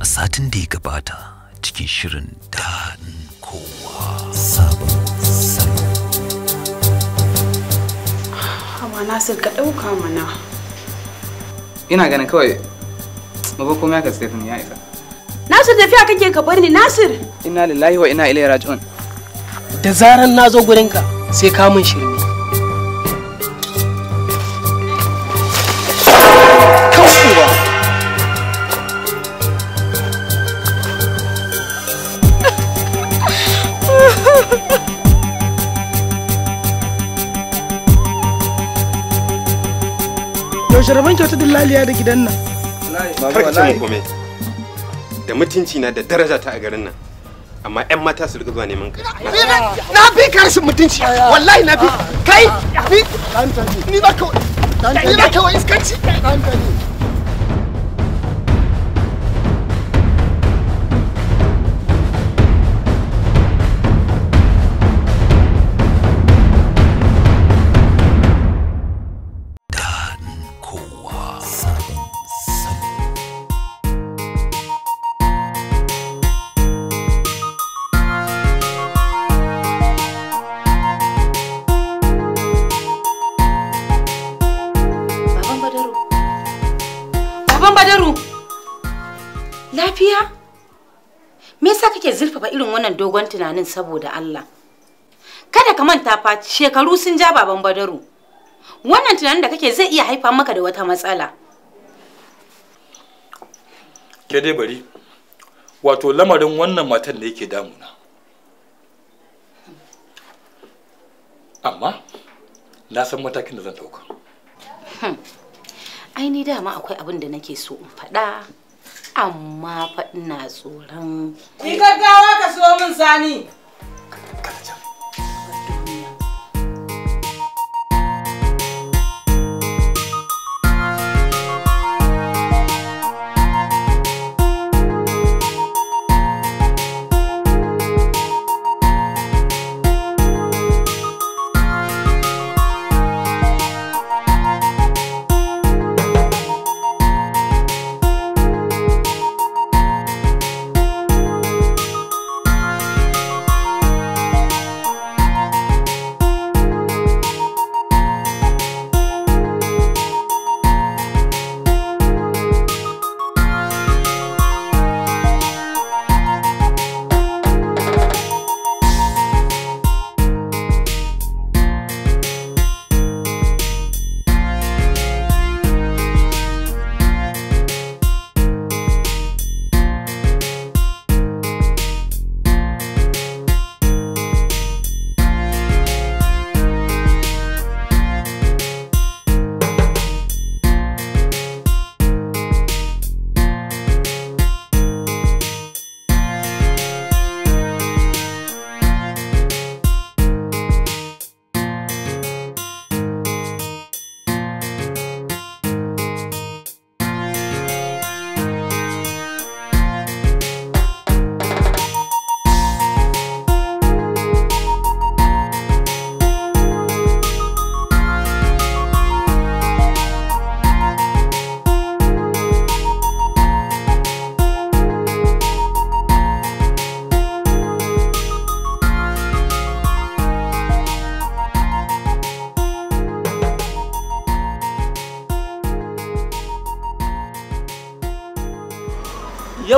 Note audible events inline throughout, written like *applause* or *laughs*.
a satin da ya gabata cikin shirin daɗin kowa sabon salo. Hawa Nasir ka ɗauka mana. Ina ganin kawai mabar komai aka tsaye ya isa. Nasir tafiya kake ka bar ni Nasir. Ina lillahi wa ina ilai raji'un. Da zaran na zo gurinka sai ka mun shirme. jaraban rabon kyauta dillaliya da gidan nan karkacin kome da mutunci na da daraja ta a garin nan amma yan mata su riga zuwa neman ka na fi karshen mutunci wallahi na fi kai ni ba kawai ni ba kawai iskanci me yasa kake zurfafa irin wannan dogon tunanin saboda Allah kada ka manta fa shekaru sun ja baban badaru wannan tunanin da kake zai iya haifa maka da wata matsala ke dai bari wato lamarin wannan matan da yake damuna amma na san matakin da zan dauka hmm. ai ni dama akwai abin da nake so in faɗa amma fa ina tsoron. Ni gaggawa ka so min sani.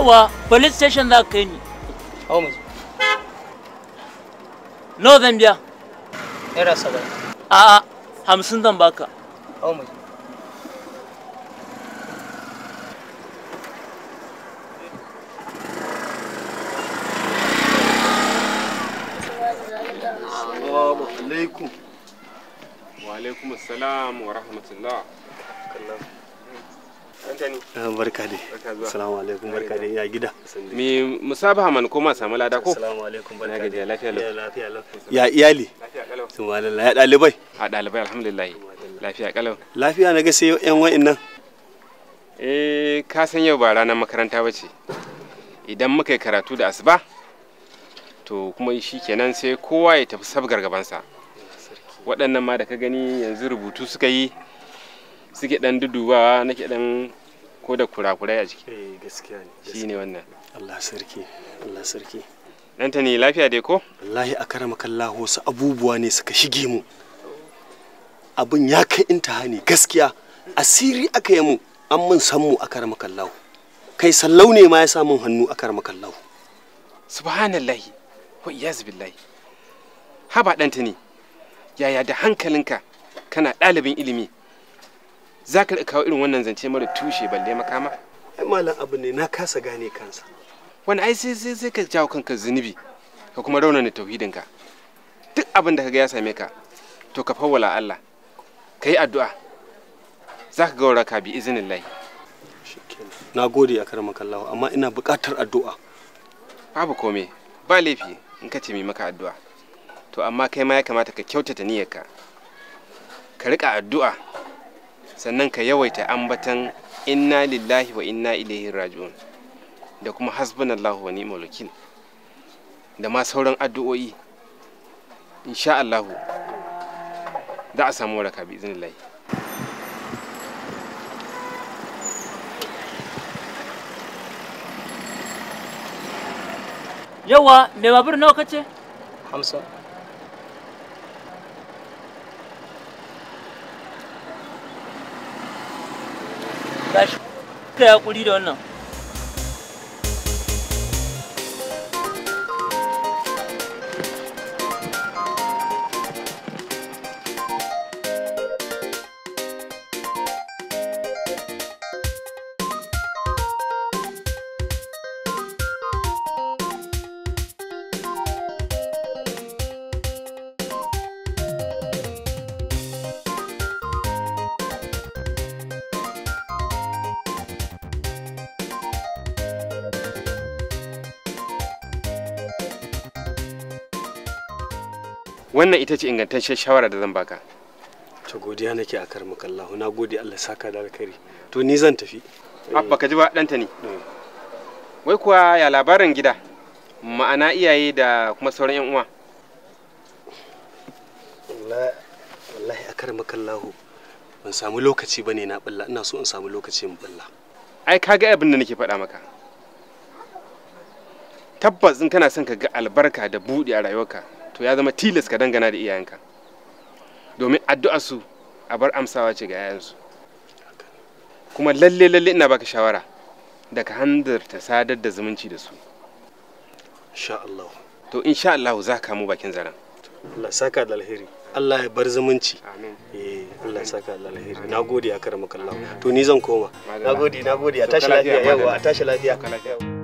yawa police station za ka kai ni hau mu nawa zan biya naira saba'in a'a hamsin zan baka hau mu Assalamu alaikum. Wa alaikum assalam wa rahmatullah. Ah, barka dai assalamu alaikum barka dai ya gida mi musabaha man koma samu lada ko assalamu alaikum barka dai lafiya lafiya ya iyali subhanallah ya dalibai a dalibai alhamdulillah lafiya kalau lafiya na ga sai yan wa'annan eh ka san yau ba ranar makaranta bace idan muka yi karatu da asuba to kuma shi kenan sai kowa ya tafi sabgar gabansa waɗannan ma da ka gani yanzu rubutu suka yi suke ɗan dudubawa nake ɗan ko da kurakurai a ciki eh gaskiya ne ne wannan Allah sarki Allah sarki dan ta ne lafiya dai ko wallahi a karama wasu abubuwa ne suka shige mu abin ya kai intaha ne gaskiya asiri aka yi mu an mun san mu a karama kai sallau ne ma ya sa mun hannu a karama kallahu subhanallahi wa iyaz billahi haba dan ta ne yaya da hankalinka kana ɗalibin ilimi za ka kawo irin wannan zance mara tushe balle makama ai malam abu ne na kasa gane kansa wani ai sai sai ka jawo kanka zunubi ka kuma raunana tauhidinka duk abin da kaga ya same ka to ka fawwala Allah ka yi addu'a za ka ga waraka bi izinin lahi na gode a karama kallawa amma ina buƙatar addu'a babu kome ba laifi in ka ce mai maka addu'a to amma kai ma ya kamata ka kyautata niyyarka ka riƙa addu'a sannan ka yawaita ambatan inna lillahi wa inna ilaihi raji'un da kuma hasbunallahu wa ni'mal wakil da ma sauran addu'o'i insha Allah za a samu waraka bi iznillahi yawa mai babur nawa kace hamsa gashi kai hakuri da wannan wannan ita ce ingantaccen shawara da zan baka to godiya nake a kar makallahu na gode Allah saka da alkhairi to ni zan tafi abba ah, eh. ka ji ba danta ne eh. wai kuwa ya labarin gida ma'ana iyaye da kuma sauran yan uwa wallahi a kar makallahu ban samu lokaci bane na balla ina so in samu lokaci in balla ai ka ga abin da nake faɗa maka tabbas in kana son ka ga albarka da buɗe a rayuwarka to ya zama tilas ka dangana da iyayenka domin addu'arsu a bar amsawa ce ga 'ya'yansu kuma lalle lalle ina baka shawara da ka hanzarta sadar da zumunci da su insha Allah to insha Allah za ka mu bakin zara. Allah saka da alheri Allah ya bar zumunci amin eh Allah saka da alheri nagode ya karama kallahu to ni zan koma nagode nagode a tashi lafiya yawa a tashi lafiya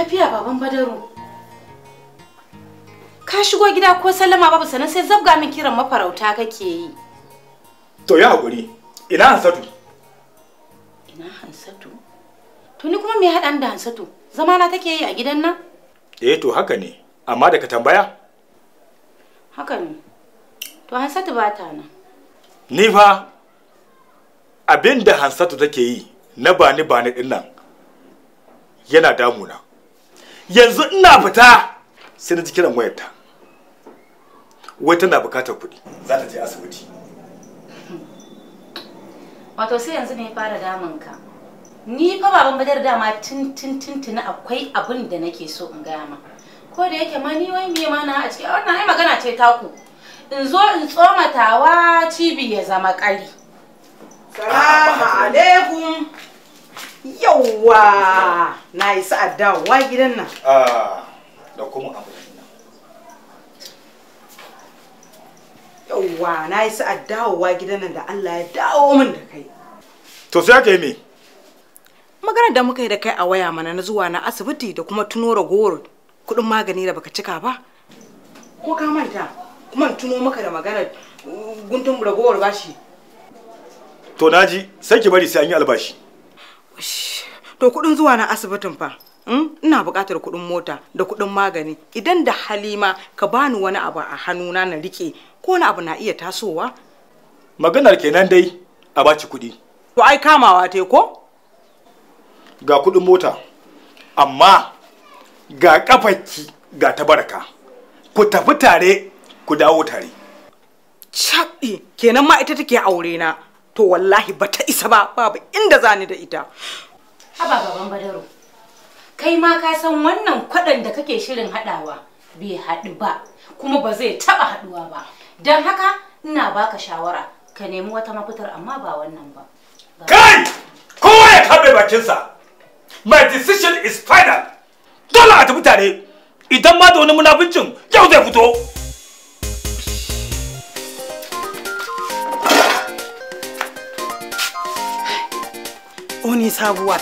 Lafiya baban Badaru. Ka shigo gida ko sallama babu sannan sai zabga min kiran mafarauta kake yi. To ya hakuri. Ina Hansatu? Ina Hansatu? To ni kuma me ya da Hansatu? Zama na take yi a gidan nan? Eh to haka ne. Amma da ka tambaya? Haka ne. To Hansatu ba ta nan. Ni fa abin da Hansatu take yi na bani bani ɗin nan yana damuna. yanzu ina fita sai na ji kiran wayarta wai tana bukatar kuɗi za ta je asibiti wato sai yanzu ne ya fara damun ka ni fa baban badar dama tun tun tun tun akwai abin da nake so in gaya ma ko da yake ma ni wai me ma na a cikin wannan ai magana ce taku in zo in tsoma tawa cibi ya zama kari salamu ah, alaikum yawwa na isa addawa gidan nan da kuma abu yawwa na isa addawa gidan nan da Allah ya dawo min da kai to sai aka yi me maganar da muka yi da kai a waya mana na zuwa na asibiti da kuma tuno ragowar kudin magani da baka cika ba ko ka manta kuma tuno maka da maganar guntun ragowar bashi to naji sai ki bari sai an yi albashi to kudin zuwa na asibitin fa hmm? ina buƙatar kudin mota da kudin magani idan da halima ka bani wani abu a hannuna na rike ko wani abu na iya tasowa maganar kenan dai a baci kuɗi to ai kamawa te ko ga kudin mota amma ga kafarki ga tabaraka ku tafi tare ku dawo tare caɓi kenan ma ita take aure na to wallahi bata isa ba babu inda zani da ita haba baban badaro kai ma ka san wannan kwaɗan da kake shirin haɗawa bai haɗu ba kuma ba zai taɓa haɗuwa ba don haka ina baka shawara ka nemi wata mafitar amma ba wannan ba kai kowa ya kaɓe bakinsa my decision is final dole a tafi idan ma da wani munafincin yau zai fito Oni sabuwa.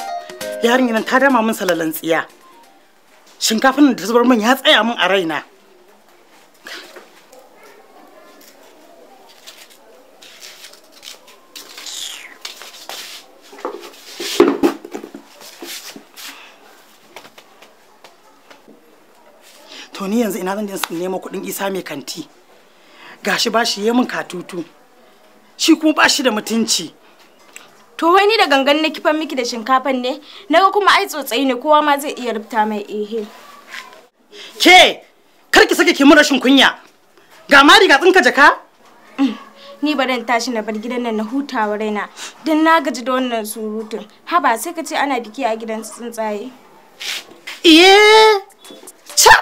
yarinya nan ta dama min salalan tsiya shinkafin da zubar min ya tsaya mun a raina to ni yanzu ina zan je nemo kuɗin isa mai kanti gashi bashi yi mun katutu shi kuma ba shi da mutunci To wai ni da gangan na kifan miki da shinkafan ne? Naga kuma ai tsotsai ne kowa ma zai iya rubuta mai ehe. Ke, kar ki sake ki mun rashin kunya. Ga ma riga tsinka jaka? Mm, ni ba dan tashi na bar gidan nan na hutawa raina. Dan na gaji da wannan surutun. Haba sai ka ce ana biki a gidan tsuntsaye. Iye! Cha!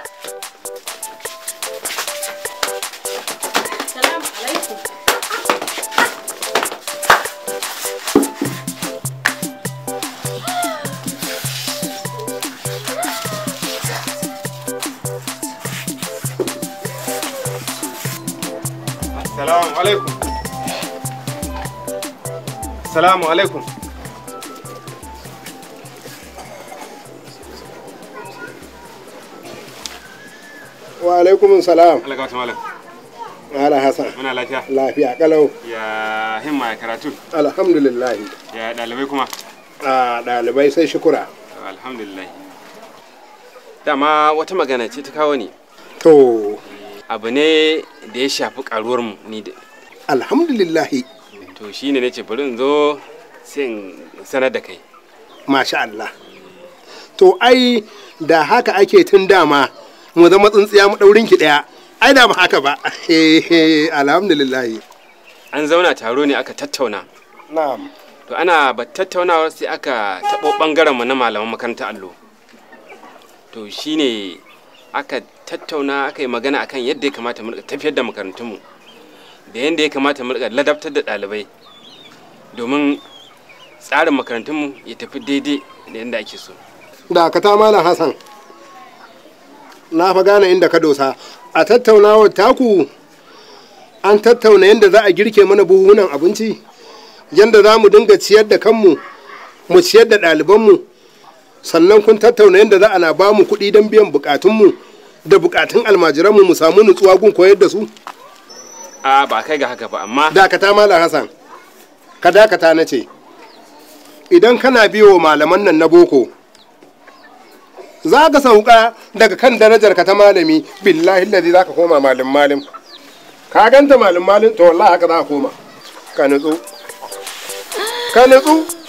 Salamu alaikum. Salamu alaikum. Wa alaikum salam. Alaikum salam. Ala Hassan. Muna lafiya. Lafiya kalau. Ya himma ya karatu. Alhamdulillah. Ya dalibai kuma. A dalibai sai shukura. Alhamdulillah. Dama wata magana ce ta kawo ni. To. abu ne da ya shafi karuwar mu ni da alhamdulillah to shine nace bari in zo sai in sanar da kai masha Allah to ai da haka ake tun dama mu zama tsintsiya mu daurin ki daya ai da ba haka ba *laughs* alhamdulillah an zauna taro ne aka tattauna na'am to ana ba tattaunawa sai aka taɓo ɓangaren mu na malaman makaranta allo to shine aka tattauna aka yi magana akan yadda ya kamata mu tafiyar da makarantunmu da yadda ya kamata mu ladabtar da ɗalibai domin tsarin makarantunmu ya tafi daidai da yadda ake so da ka ta malam hassan na fa gane inda ka dosa a tattaunawar taku an tattauna yadda za a girke mana buhunan abinci yadda za mu dinga ciyar da kanmu mu ciyar da ɗalibanmu sannan kun tattauna yadda za a na ba mu kuɗi don biyan bukatunmu da bukatun almajiranmu mu samu nutsuwa gun koyar da su a ba kai ga haka ba amma dakata malam hassan ka dakata na ce idan kana biyo malaman nan na boko za ka sauka daga kan darajar ka ta malami billahi lazi za ka koma malam malam ka ganta malam malam to wallahi haka za ka koma ka nutsu ka nutsu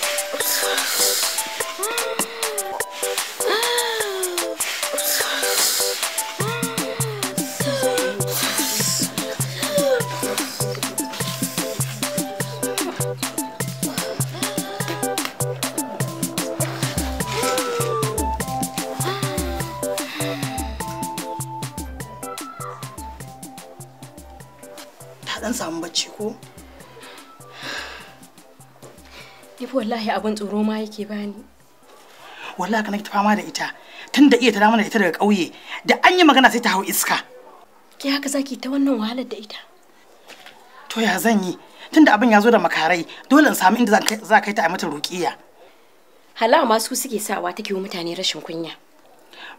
dan samu bacci ko Ifi wallahi abin tsoro ma yake bani. Wallahi ka nake fama da ita. Tun iya ta mana ita daga ƙauye, da an yi magana sai ta hau iska. Ki haka zaki ta wannan wahalar da ita. To ya zan yi? Tun da abin ya zo da makarai, dole in samu inda za kai ta a mata ruƙiya. hala ma su suke sawa take wa mutane rashin kunya.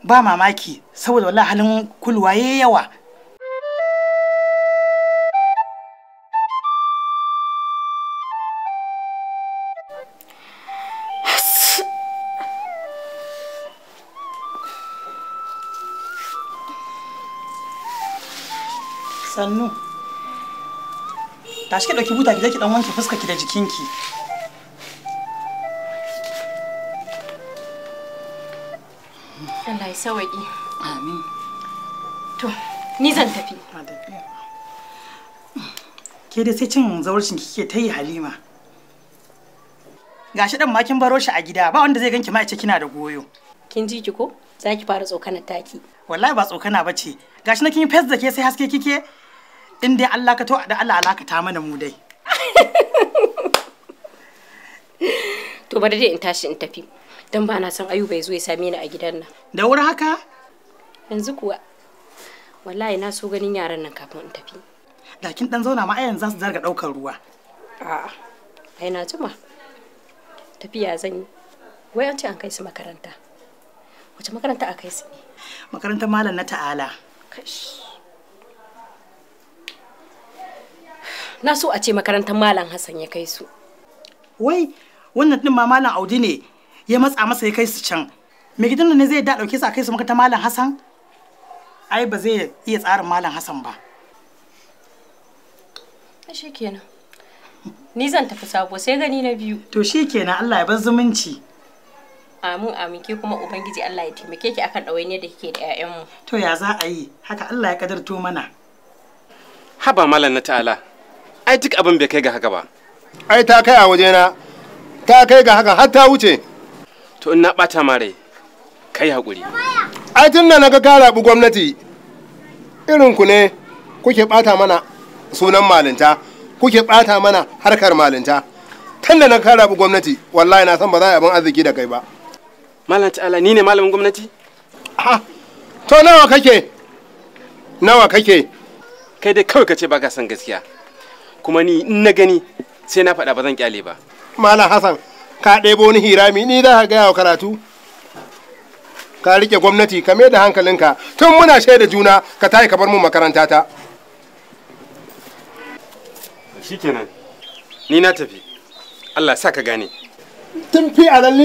Ba mamaki, saboda wallahi halin kulwa yayi yawa. sannu tashi ki ɗauki buta ki je ki ɗan wanke fuska ki da jikinki Allah ya sawaƙi amin to ni zan tafi ke da sai cin zaurcin kike ta yi halima gashi dan ma kin baro shi a gida ba wanda zai ganki ma ya ce kina da goyo kin ji ki ko za ki fara tsokanar taki wallahi ba tsokana ba ce gashi na kin fes da ke sai haske kike in dai Allah ka to da Allah alakata mana mu dai *laughs* to bari dai in tashi in tafi dan ba na san ayuba ya zo ya same ni a gidan nan da wuri haka yanzu kuwa wallahi na so ganin yaran nan kafin in tafi Lakin dan zauna ma a yanzu za su zarga daukar ruwa a'a ai na jima tafiya zan yi wai an ce an kai su makaranta wace makaranta a kai su ne makarantar malam na ta'ala kash na so a ce makarantar malam hassan ya kai su wai wannan din ma malam audi ne ya matsa masa ya kai su can me gidan ne zai da dauke su a kai su makarantar malam hassan ai ba zai iya tsarin malam hassan ba shi kenan ni zan tafi sabo sai gani na biyu to shi kenan Allah ya bar zumunci amin amin ke kuma ubangiji Allah ya taimake ki akan ne da kike da ƴaƴanmu to ya za a yi haka Allah ya kadarto mana haba malam na ta'ala ai duk abin bai kai ga haka ba ai ta kai a wajena ta kai ga haka har ta wuce to in na bata ma rai kai hakuri ai tun na ka kara bu gwamnati irin ku ne kuke bata mana sunan malinta kuke bata mana harkar malinta tun da na kara bu gwamnati wallahi na san ba za a abin arziki da kai ba malam ta'ala ni ne malamin gwamnati ah to nawa kake nawa kake kai dai kawai ka ce ba ka san gaskiya kuma ni in na gani sai na faɗa ba zan kyale ba malam hassan ka ɗebo ni mi ni za ka gaya wa karatu ka rike gwamnati ka mai da hankalinka tun muna shaida juna ka tayi ka bar mu makaranta ta kenan, ni na tafi Allah sa ka gane tun fi a nan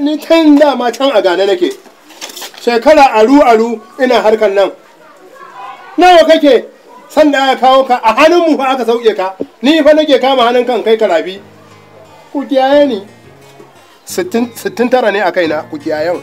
ni can dama can a gane nake shekara aru aru ina harkan nan nawa kake sannan aka kawo ka a hannun mu fa aka sauke ka ni fa nake kama hannun kan kai karabi ku kiyaye ni sittin tara ne a kaina ku kiyayen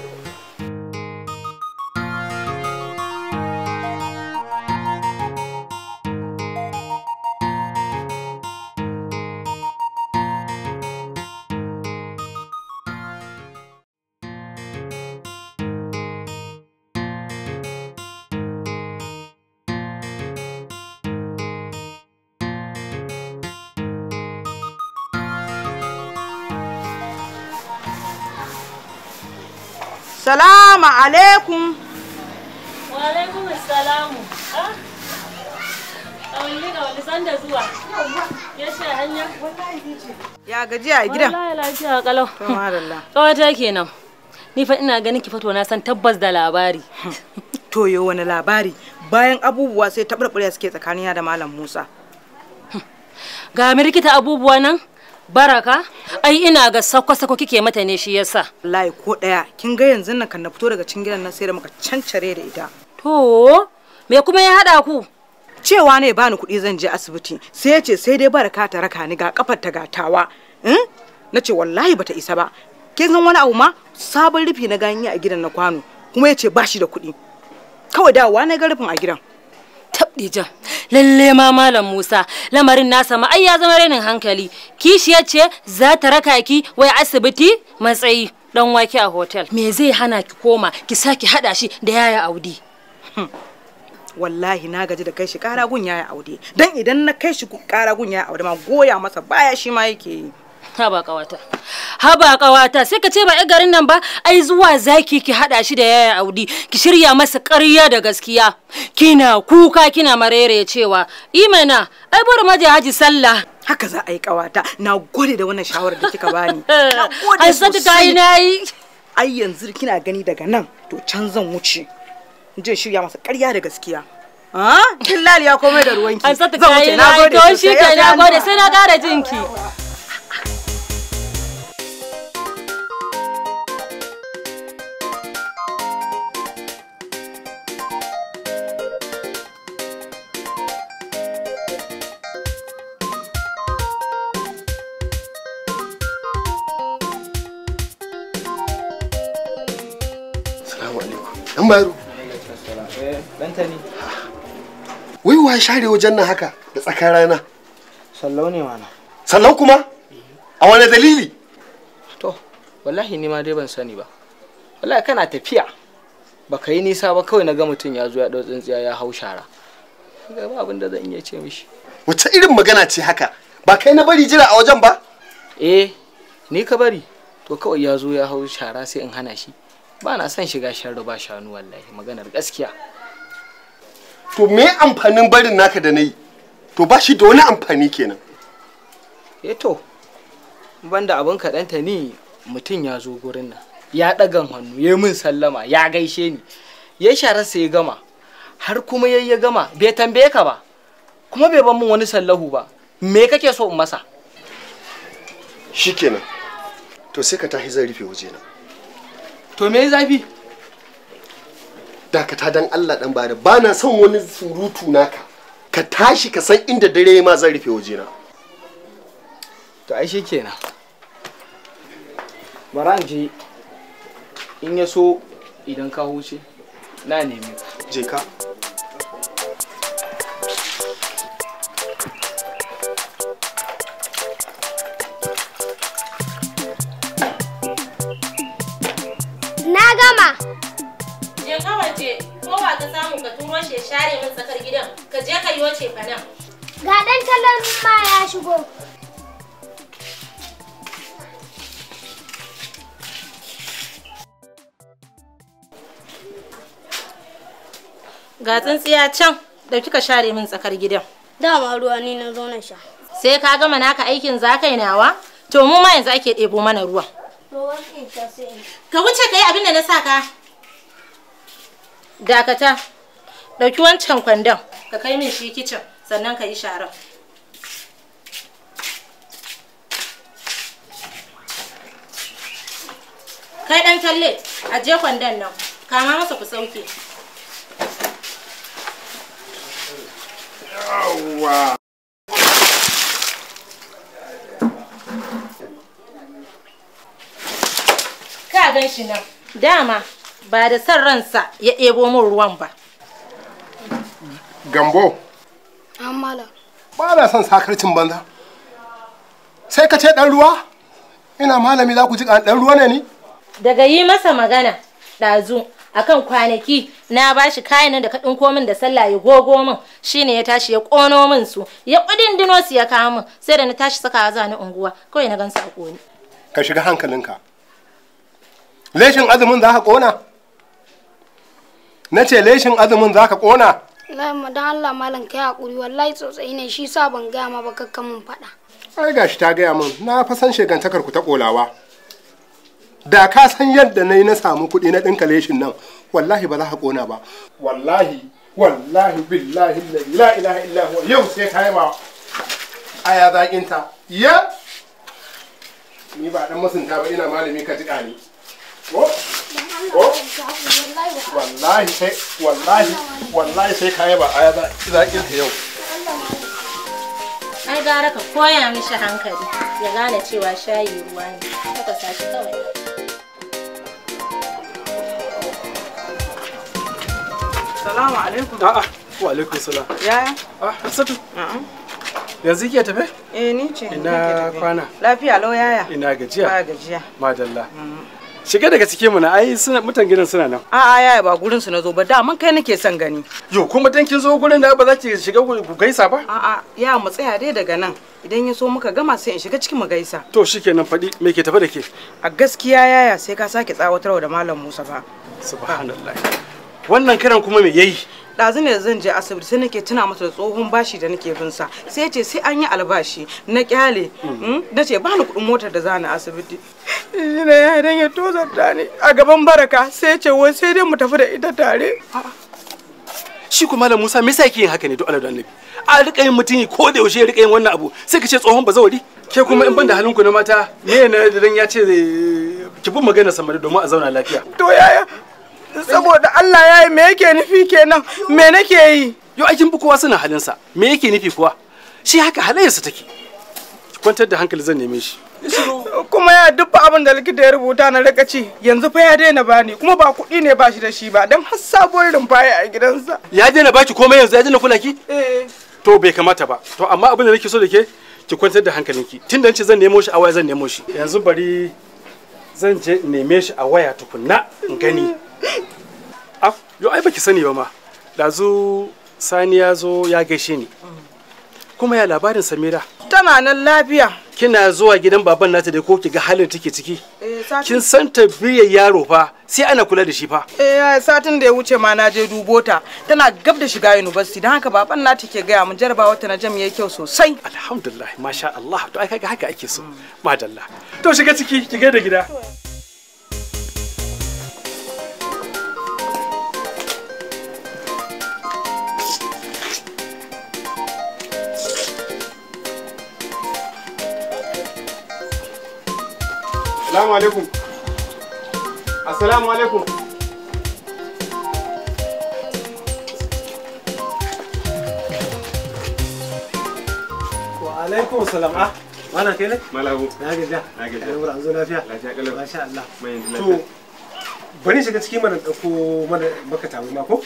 Assalamu alaikum. Wa alaikum assalamu. Ah. Ya gaji a gidan? Wallahi lafiya kalau. Kawata kenan. Ni fa ina ganin ki fito na san tabbas da labari. *laughs* To yo wani labari bayan abubuwa sai taɓarɓarya suke tsakanina da Malam Musa. Ga mirkita abubuwa nan Baraka, ai ina ga sako-sako kike mata ne shi yasa. Wallahi ko daya, kin ga yanzu nan kan na fito daga cikin gidan na sai da muka cancare da ita. To, me kuma ya hada ku? Cewa ne ba ni kuɗi zan je asibiti, sai ya ce sai dai Baraka ta raka ni ga kafar ta gatawa. Hmm? Na ce wallahi bata isa ba. Kin san wani abu ma? Sabon rufi na ganye a gidan na kwano, kuma ya ce ba shi da kuɗi. Kawai dawowa na ga rufin a gidan. tabdijan lalle ma malam Musa lamarin nasa ma ai ya zama rainin hankali kishiya ce za ta raka ki wai asibiti matsayi dan wake a hotel me zai hana ki koma ki saki hada shi da yaya Audi hmm. wallahi na gaji da kai shi karagun yaya Audi dan idan na kai shi karagun yaya Audi ma goya masa baya shi ma yake yi haba kawata haba kawata sai ka ce ba yan garin nan ba ai zuwa zaki ki hada shi da yaya audi ki shirya masa ƙarya da gaskiya kina kuka kina marere cewa imana ai bari maje haji sallah haka za a yi kawata na gode da wannan shawarar da kika bani *laughs* ai sai ta yi nayi ai yanzu kina gani daga nan to can zan wuce je shirya masa ƙarya da gaskiya Ah, kin laliya komai da ruwanki. An sata kai na gode. To shi kai na gode sai na ƙara jinki. an bayaro wai wa share wajen nan haka da tsakar rana sallau ne mana sallau kuma eh. a wani dalili to wallahi ni ma dai ban sani ba wallahi kana tafiya baka yi nisa ba kawai na ga mutum ya zo ya dau tsintsiya ya hau shara ga ba abin da zan iya ce mishi wace irin magana ce haka ba kai na bari jira a wajen ba eh ni ka bari to kawai ya zo ya hau shara sai in hana shi ba na son shiga sharru ba shanu wallahi maganar gaskiya to me amfanin barin naka da nayi to ba shi da wani amfani kenan eh to banda abin kaɗanta ni mutum ya zo gurin nan ya ɗagan hannu ya min sallama ya gaishe ni ya shararsa ya gama har kuma ya ya gama bai tambaye ka ba kuma bai ban min wani sallahu ba me kake so in masa shikenan to sai ka tahi zan rufe waje na to me zafi dakata dan Allah dan bada ba na son wani surutu naka ka tashi ka san inda dare ma zan rufe wajena to ai kenan bara je in ya so idan ka huce na nemi je ka ce ko ba ka samu ka turo shi share min tsakar gidan ka je ka wace fa nan. Ga ɗan kallon ma ya shigo. Ga tsintsiya can ɗauki ka share min tsakar gidan. Dama ruwa ni na zo na sha. Sai ka gama naka aikin za ka yi nawa? To mu ma yanzu ake ɗebo mana ruwa. Ka wuce ka yi abin da na sa ka. dakata ɗauki wancan kwandon ka kai min shi kicin sannan ka yi sharar kai ɗan talle ajiye kwandon nan kama masa ku sauke yawwa ka gan shi nan dama ba da san ransa ya ɗebo min ruwan ba. Gambo. Amala. Ba na son sakarcin banza. Sai ka ce ɗan ruwa? Ina malami za ku ji ɗan ruwa ne ni? Daga yi masa magana ɗazu akan kwanaki na bashi kayan da ka ɗinko min da sallah ya gogo min shine ya tashi ya ƙono min su ya ƙudindino su ya kawo min sai da na tashi sakawa za ni unguwa kawai na gan a ƙoni. Ka shiga hankalinka. Leshin azumin za ka ƙona? na ce leshin azumin za ka ƙona Lama don Allah malam kai hakuri wallahi tsotsai ne shi sa ban gaya ma ba mun faɗa ai shi ta gaya min na fa san shegantakar ku ta ƙolawa da ka san yadda na yi na samu kuɗi na ɗinka leshin nan wallahi ba za ka ƙona ba wallahi wallahi billahi la ilaha illa yau sai ka yi ma aya zaƙinta ya ni ba ɗan masunta ba ina malami ka jiƙa ne wallahi sai wallahi wallahi sai kayi ba aya zaƙin ta yau ai gara ka koya mishi hankali ya gane cewa shayi ruwa ne haka sashi kawai salamu alaikum a'a wa alaikum salam yaya ah hasatu yanzu ke tafe eh ni ce ina kwana lafiya lau yaya ina gajiya ba gajiya madalla mm-hmm. shiga daga cikin mu na ai suna mutan gidan suna nan A'a a yaya ba gurin su zo ba da man kai nake son gani yo kuma dan kin zo gurin da ba za ki shiga ku gaisa ba a ya mu tsaya dai daga nan idan ya so muka gama sai in shiga cikin mu gaisa to shikenan fadi me ke tafa da ke a gaskiya yaya sai ka sake tsawatarwa da malam Musa ba subhanallah wannan kiran kuma me yayi dazu ne zan je asibiti sai nake tuna mata tsohon bashi da nake bin sa sai ya ce sai an yi albashi na kyale hmm? na ce ba ni kuɗin motar da za ni asibiti ina ya dan ya tozarta ni a gaban baraka sai ya ce wai sai dai mu tafi da ita tare shi kuma malam Musa me yasa yake yin haka ne duk Allah da Annabi a rika yin mutuni ko da yaushe rika yin wannan abu sai ka ce tsohon bazawari ke kuma in ban da halinku na mata me ne dan ya ce ki bi magana samari domin a zauna lafiya to yaya saboda Allah ya yi me yake nufi kenan me nake yi yo aikin bi kowa suna halinsa me yake nufi kuwa shi haka halayyarsa take kwantar da hankali zan neme shi kuma ya dubba abin da likita ya rubuta na rika ci yanzu fa ya daina bani kuma ba kuɗi ne ba shi da shi ba don har sabuwar rumfaye a gidansa ya daina baki komai yanzu ya daina kula ki eh. to bai kamata ba to amma abin da nake so da ke ki kwantar da hankalinki tun da zan nemo shi a waya zan nemo shi yanzu bari zan je neme shi a waya tukunna in gani af ah, yo ai baki sani ba ma dazu sani ya zo ya gaishe ni kuma ya labarin samira tana nan lafiya kina zuwa gidan baban nata da ko ki ga halin take ciki eh, kin san tabiyar yaro fa sai ana kula da shi fa eh satin da ya wuce ma na je dubo ta tana gab da shiga university dan haka baban nata ke gaya mun jarabawa ta na jami'a kyau sosai alhamdulillah masha Allah to ai kaga haka ake so madalla to shiga ciki ki ga da gida assalamu alaikum assalamu alaikum wa alaikum salam ah mana kai ne malabu na gaja na gaja yawar an zo lafiya lafiya kalau masha Allah mai lafiya to bari shiga ciki mana dauko mana maka tabu ma ko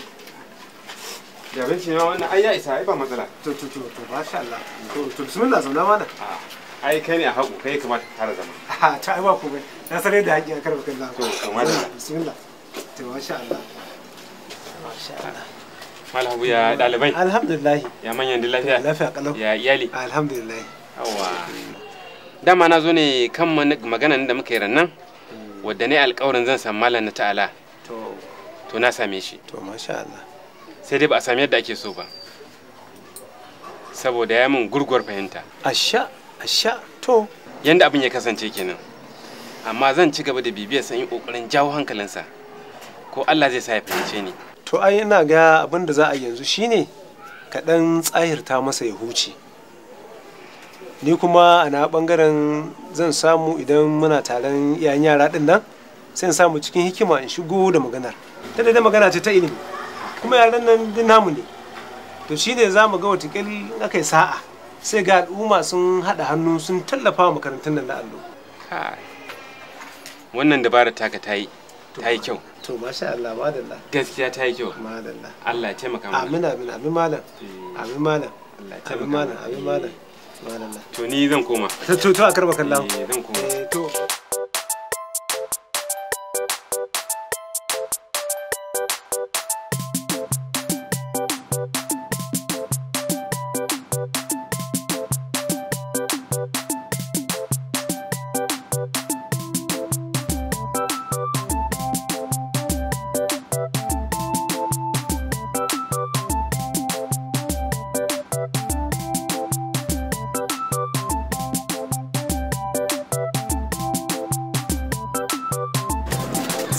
da bincin wannan ai ya isa ai ba matsala to to to masha Allah to to bismillah zauna mana ah. ai kai ne a haƙo kai kamata ka fara zama *laughs* a ah, ta ai ba ku bai na sare da haƙi a karfa kan zama to kamar da bismillah to masha Allah masha Allah malam ya dalibai alhamdulillah ya manyan din lafiya lafiya kalau ya iyali alhamdulillah yawa dama na zo ne kan maganan da muka yi ran nan hmm. wadda ne alƙawarin zan san malam na ta'ala to to na same shi to masha Allah sai dai ba a sami yadda ake so ba saboda ya min gurguwar fahimta asha Asha to. Yanda abin ya kasance kenan. Amma zan ci gaba da bibiyar san yi kokarin jawo hankalinsa. Ko Allah zai sa ya fahimce ni. To ai ina ga abin da za a yanzu shine ka dan tsahirta masa ya huce. Ni kuma a na bangaren zan samu idan muna taron iyayen yara din nan sai samu cikin hikima in shigo da maganar. Ta da magana ce ta ilimi. Kuma yaran nan din namu ne. To shine za mu ga wata in aka sa'a. sai ga al'umma sun haɗa hannu sun tallafa wa makarantun nan na allo wannan dabara taka ta yi ta yi kyau to masha Allah madalla gaskiya ta yi kyau madalla Allah ya taimaka mana amin amin amin malam eh. amin malam Allah ya taimaka mana amin malam madalla to ni zan koma to to a karba kallon eh, zan koma eh, to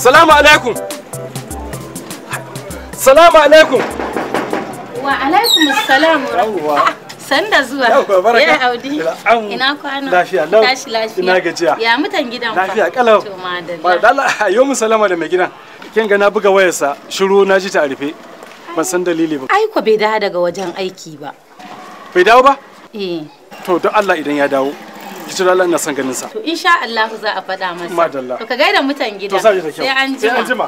Salamu alaikum. Salamu alaikum. Wa alaikum salam. Sanda zuwa. Ya eh, Audi. Ina kwana. Lafiya lau. lafiya. Ina gajiya. Ya mutan gidan fa. Lafiya kalau. To madalla. *laughs* Yo mu salama da mai gidan. Kin ga na buga wayarsa shiru na ji ta rufe. Ban san dalili ba. Ai ko bai dawo daga wajen aiki ba. Bai dawo ba? Eh. To don Allah idan ya dawo ki tura Allah ina son ganin sa to insha Allah za a faɗa masa madalla to ka gaida mutan gida sai an jima sai an jima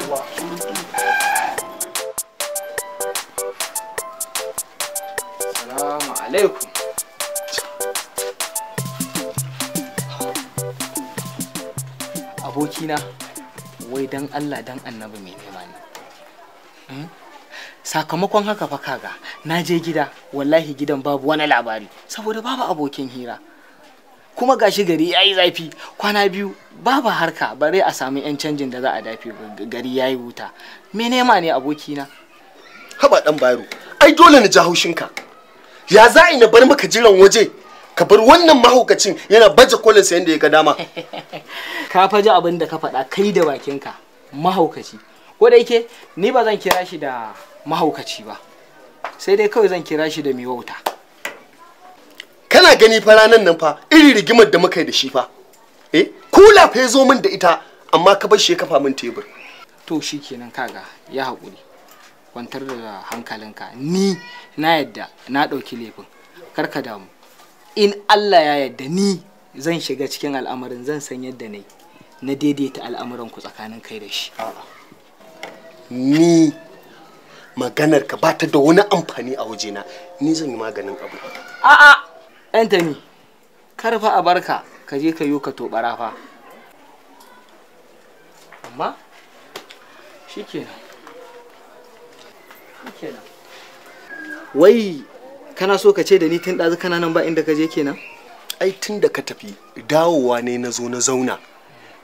Assalamu alaikum abokina wai dan Allah dan annabi mai nema ne hmm? sakamakon haka fa kaga na je gida wallahi gidan babu wani labari saboda babu abokin hira kuma gashi gari yayi zafi kwana biyu babu harka bare a samu 'yan canjin da za a dafe gari yayi wuta me nema ne abokina haba dan bayro ai dole na ji haushinka ya za na bar maka jiran waje ka bar wannan mahaukacin yana baje kolin sayan da ya ga dama *laughs* ka faji abin da ka faɗa kai da bakinka mahaukaci ko da yake ni ba zan kira shi da mahaukaci ba sai dai kawai zan kira shi da mai wauta kana gani fa ranan nan fa iri rigimar da muka yi da shi fa eh kula fa zo min da ita amma ka bar shi ya kafa min tebur to shikenan kaga ya hakuri, kwantar da hankalinka ni na yadda na ɗauki laifin kar ka damu in Allah ya yadda ni zan shiga cikin al'amarin zan san yadda ne na daidaita al'amuran ku tsakanin kai da shi ni maganar ka ta da wani amfani a wajena ni zan yi maganin abu a'a Anthony, kar a barka ka je ka yi ka tobara fa. Amma shikenan. Shikenan. Wai kana so ka ce da ni tun ɗazu kana nan ba inda ka je kenan? Ai tun da ka tafi dawowa ne na zo na zauna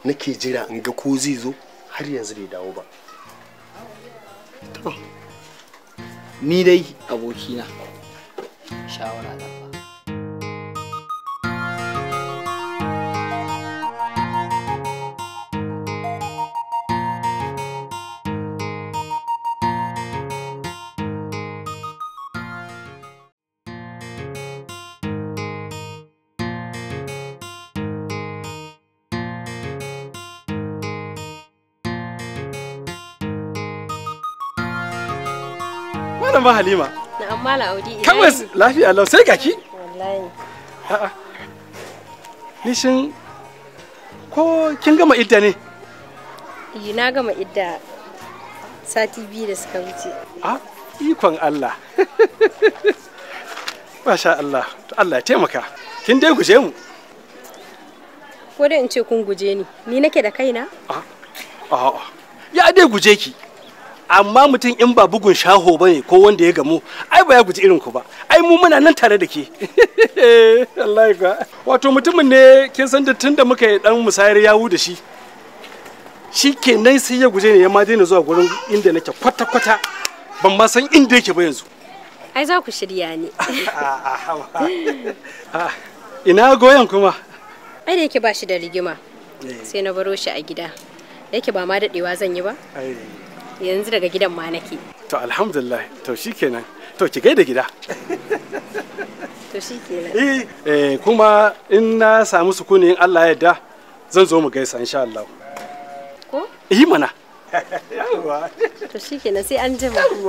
nake jira in ga ko zai zo har yanzu bai dawo ba. ni dai abokina shawara malam ba halima na amma la audi kawai lafiya lau sai gaki wallahi a'a ni shin ko kin gama idda ne yi na gama idda sati biyu da suka wuce a ah, ikon Allah *laughs* masha Allah Allah ya taimaka kin dai guje mu ko dai in ce kun guje ni ni nake da kaina a ah, a ah, ya dai guje ki amma mutum in ba bugun shaho ba ne ko wanda ya gamu ai ba ya guji irin ku ba ai mu muna nan tare da ke *laughs* wato mutumin ne kin san da da muka yi dan musayar yawu da shi shi ke nan sai ya guje ne ya ma daina zuwa gurin inda nake kwata kwata ban ma san inda yake ba yanzu ai za ku shirya ne *laughs* ah, ah, ah, ina goyon kuma ai da yake ba shi da rigima eh. sai na baro shi a gida yake ba ma dadewa zan yi ba yanzu daga gidan ma nake to alhamdulillah to shikenan to ki gaida gida to kenan. Eh, eh kuma in na samu sukuni in Allah ya yarda zan zo mu gaisa insha Allah ko yi mana yawa to kenan sai an jima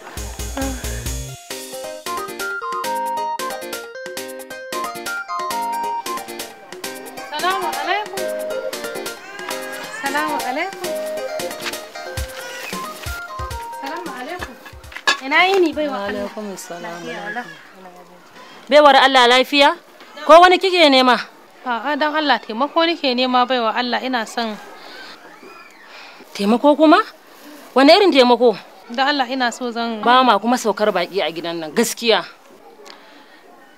Ina yini baiwa Allah. Alaikum assalam. Baiwar Allah lafiya? Ko wani kike nema? A'a dan Allah taimako nake nema baiwa Allah ina son Taimako kuma? Wani irin taimako? don Allah ina so zan Ba ma kuma saukar baki a gidan nan gaskiya.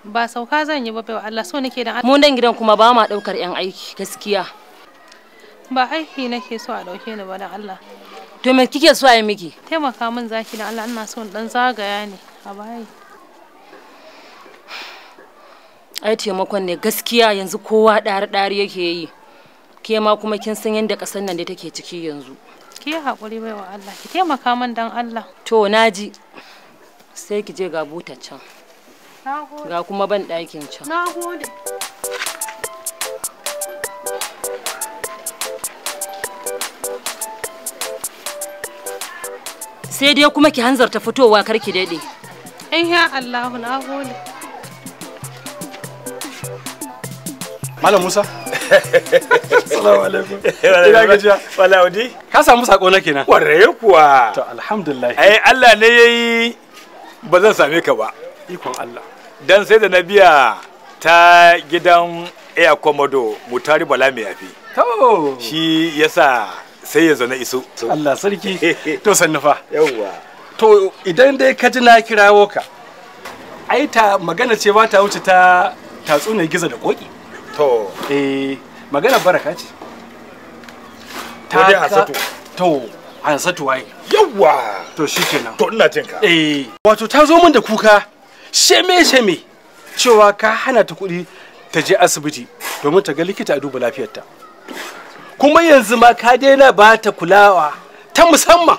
Ba sauka zan yi ba baiwa Allah so nake dan Mu dan gidan kuma ba ma daukar yan aiki gaskiya. Ba aiki nake so a dauke ni ba dan Allah. To me kike so a miki? Taimaka min zaki da Allah ina so in dan zagaya ne a bayi. Ai taimakon ne gaskiya yanzu kowa ɗari ɗari yake yi. Ke ma kuma kin san yadda ƙasar nan da take ciki yanzu. Ki haƙuri bai wa Allah ki taimaka min dan Allah. To naji. Sai ki je ga buta can. Ga kuma ban ɗakin can. Na sai dai kuma ki hanzarta fitowa kar ki daɗe in ya Allahu na gode Malam Musa Assalamu alaikum *laughs* ina gajiya wala udi ka samu sako na kenan warre kuwa to alhamdulillah ai Allah ne yayi ba zan same ka ba ikon Allah dan sai da na biya ta gidan Air Commodore Mutari Bala mai yafi to shi yasa sai ya zaune iso Allah sarki *laughs* to sannufa yawwa to idan dai ka ji na kirawo ka ai ta magana ce ba ta wuce ta tatsuniyar gizo da koki to eh magana baraka ce ta hasatu to hansatu wai yawwa to shikenan to ina jin ka eh wato ta zo min da kuka sheme sheme cewa ka hana ta kuɗi ta je asibiti domin ta ga likita a duba lafiyarta kuma yanzu ma ka daina ba ta kulawa ta musamman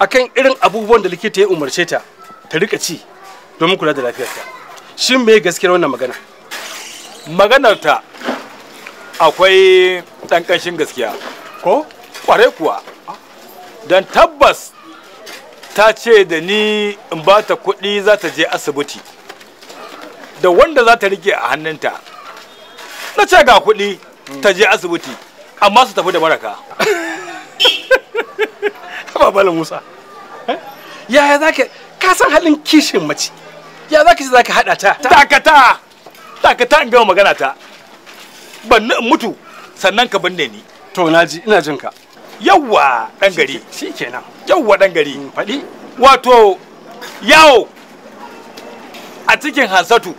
akan irin abubuwan da likita ya umarce ta ta rika ci domin kula da lafiyarta shin me gaskiyar wannan magana maganar ta akwai ɗan kashin gaskiya ko kware kuwa dan tabbas ta ce da ni in ba ta kuɗi za ta je asibiti da wanda za ta rike a hannunta na ce ga kuɗi ta je asibiti amma su tafi da maraka. babala *laughs* musa eh? yaya za ka ka san halin kishin mace ya za ka ce za ka haɗa ta takata takata in gama magana ta ban mutu sannan ka binne ni to naji ina jin ka yawwa dan gari shikenan yawwa dan gari mm, faɗi wato yawo a cikin hansatu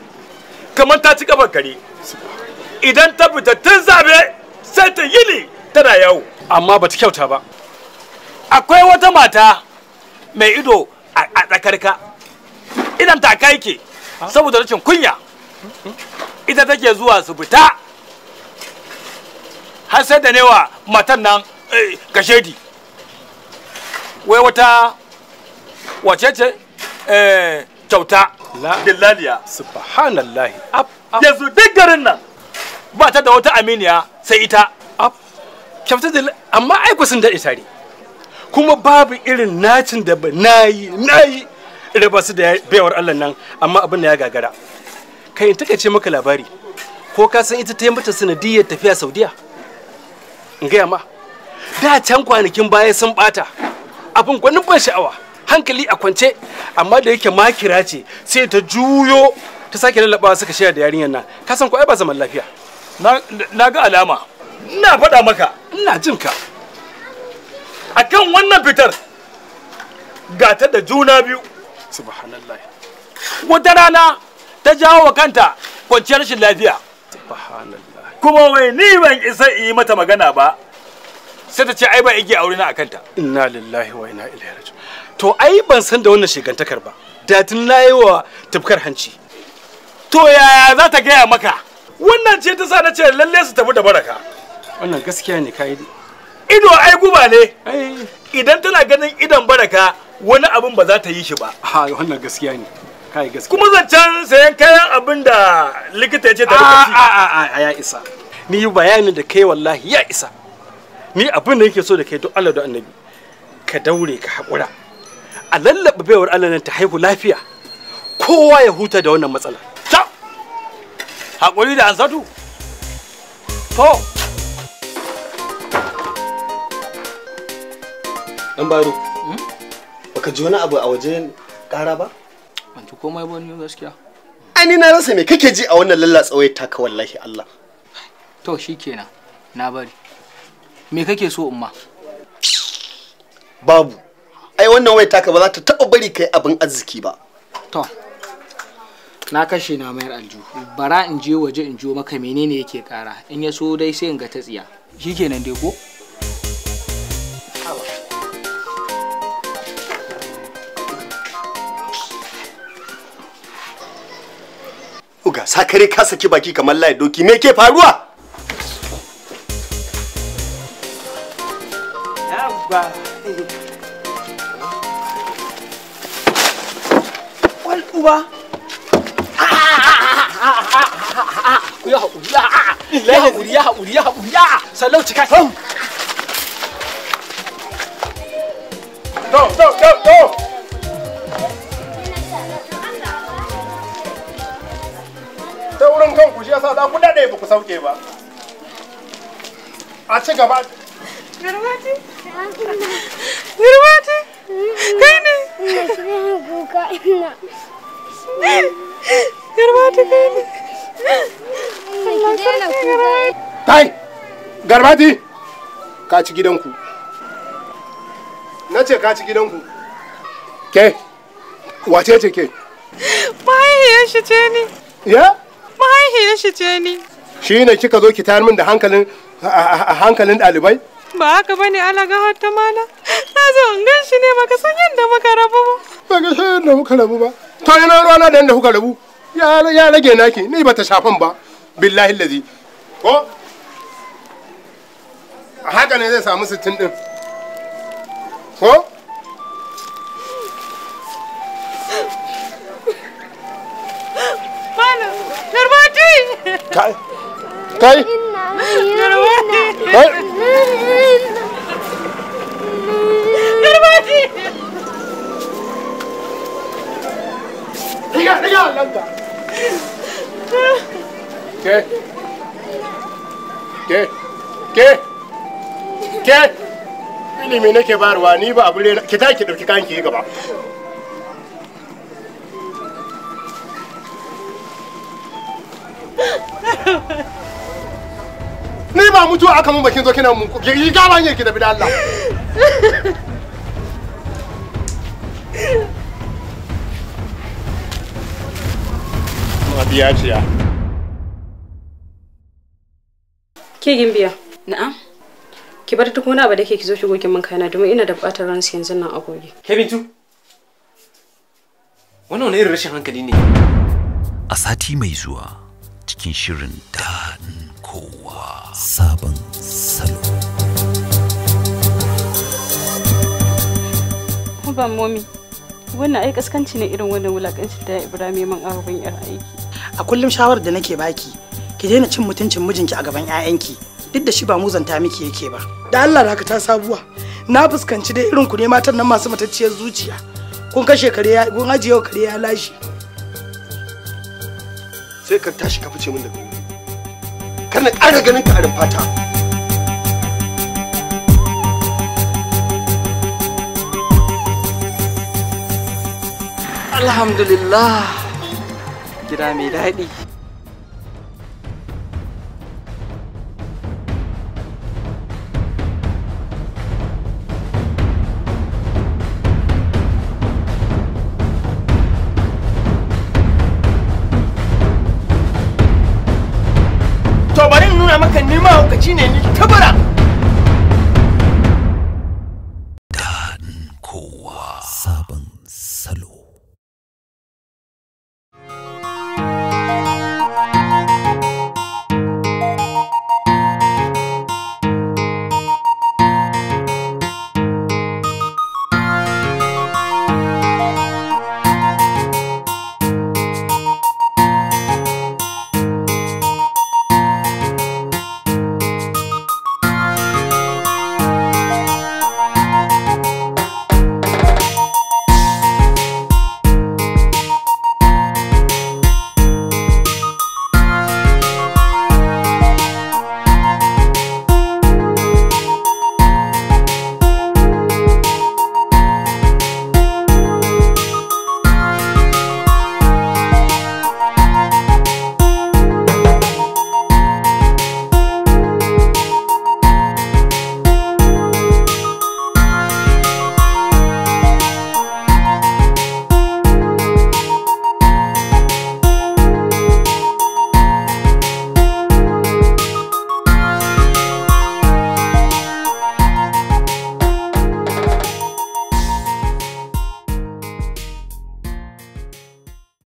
kamar ta ci gaban kare idan ta fita tun zabe sai ta yini tana yawo amma bata kyauta ba akwai wata mata mai ido a tsakarka idan ta kai ke saboda rashin kunya ita take zuwa su fita har sai da newa matan nan eh, gashedi wai wata wace ce eh, kyauta dillaliya subhanallahi yanzu duk garin nan ba ta da wata aminiya sai ita kyafta amma aiko sun daɗe tare kuma babu irin nacin da nayi nayi raba su da baiwar Allah nan amma abin da ya gagara kai in take ce maka labari ko ka san ita ta yi mata sanadiyar tafiya Saudiya in gaya ma da can kwanakin baya sun bata abin gwanin ban sha'awa hankali a kwance amma da yake makira ce sai ta juyo ta sake lallabawa suka shirya da yarinyar nan ka san ko ai ba zaman lafiya na ga alama ina faɗa maka ina jin ka akan wannan fitar gata da juna biyu subhanallah wata rana ta jawo wa kanta kwanciyar shi lafiya kuma wai ni ban isa in yi mata magana ba sai ta ce ai ba igiya aure na kanta. inna lillahi wa inna ilaihi raji to ai ban san da wannan shigantakar ba da tun na yi wa tafkar hanci to yaya za ta gaya maka wannan ce ta sa na ce lalle su tafi da baraka wannan gaskiya ne ka ido ai guba ne idan tana ganin idon baraka wani abin ba za ta yi shi ba ha wannan gaskiya ne kai gaskiya kuma zancen sayan kayan abin da likita ya ce ta rika a a ya isa ni bayanin da kai wallahi ya isa ni abin da yake so da kai duk Allah da annabi ka daure ka haƙura a lallaba baiwar Allah nan ta haihu lafiya kowa ya huta da wannan matsala haƙuri da ansatu to dan baro hmm? baka ji wani abu a waje ƙara ba ban ji komai ba ni gaskiya ai ni na rasa me kake ji a wannan lallatsawai taka wallahi Allah to shikenan na bari me kake so umma babu ai wannan wai taka ba za ta taɓa bari kai abin arziki ba to na kashe na mayar aljihu bara in je waje in jo maka menene yake kara in ya so dai sai in ga ta tsiya shikenan dai ko Uga sakare ka saki baki kamar layi doki me ke faruwa? ya haƙuri ya haƙuri ya haƙuri ya sallau cika to to to to ta wurin kanku shi yasa za ku daɗe ba ku sauke ba a ci gaba Kai ne? kai ne? Allah sarki garba. Tai, garbati, ka ci gidanku. Na ce ka ci gidanku. Ke, wace ce ke? Mahaihiyar shi ce ni. Ya? Mahaihiyar shi ce ni. Shi ne kika zo ki tayar min da hankalin hankalin ɗalibai? Ba haka bane alaga har ta mana. Na zo in gan shi ne baka san yadda muka rabu ba. Baka san yadda muka rabu ba. To ruwa na da yadda kuka rabu. Ya rage naki, ni ba ta shafan ba. billahi lazi ko haka ne zai samu sittin din ko kai kai Diga, diga, lanta. ¿Qué? ¿Qué? ¿Qué? ¿Qué? Ilimi nake barwa ni ba abu ne ki taki dauki kan ki gaba. Ni ba mutuwa aka mun bakin zo kina mun ki gaba ne ki da bidan Allah. Mabiya ciya. Ke biya. Na'am. Ki bar duk wani abu da ke ki zo ki goge min kaina domin ina da buƙatar ransu yanzu nan a goge. Ke Bintu? Wannan wani irin rashin hankali ne? A sati mai zuwa cikin shirin daɗin kowa sabon salo. Ban momi, wannan ai kaskanci ne irin wannan wulakancin da Ibrahim ya man aure ban yar aiki. A kullum shawarar da nake baki, ki daina cin mutuncin mijinki a gaban 'ya'yanki duk da shi ba muzanta miki yake ba da Allah da ta sabuwa na fuskanci dai irin ku ne matan nan masu matacciyar zuciya kun kashe kare ya kun ajiye kare ya lashi sai ka tashi ka fice min da kar na ƙara ganin ka a fata Alhamdulillah gida mai daɗi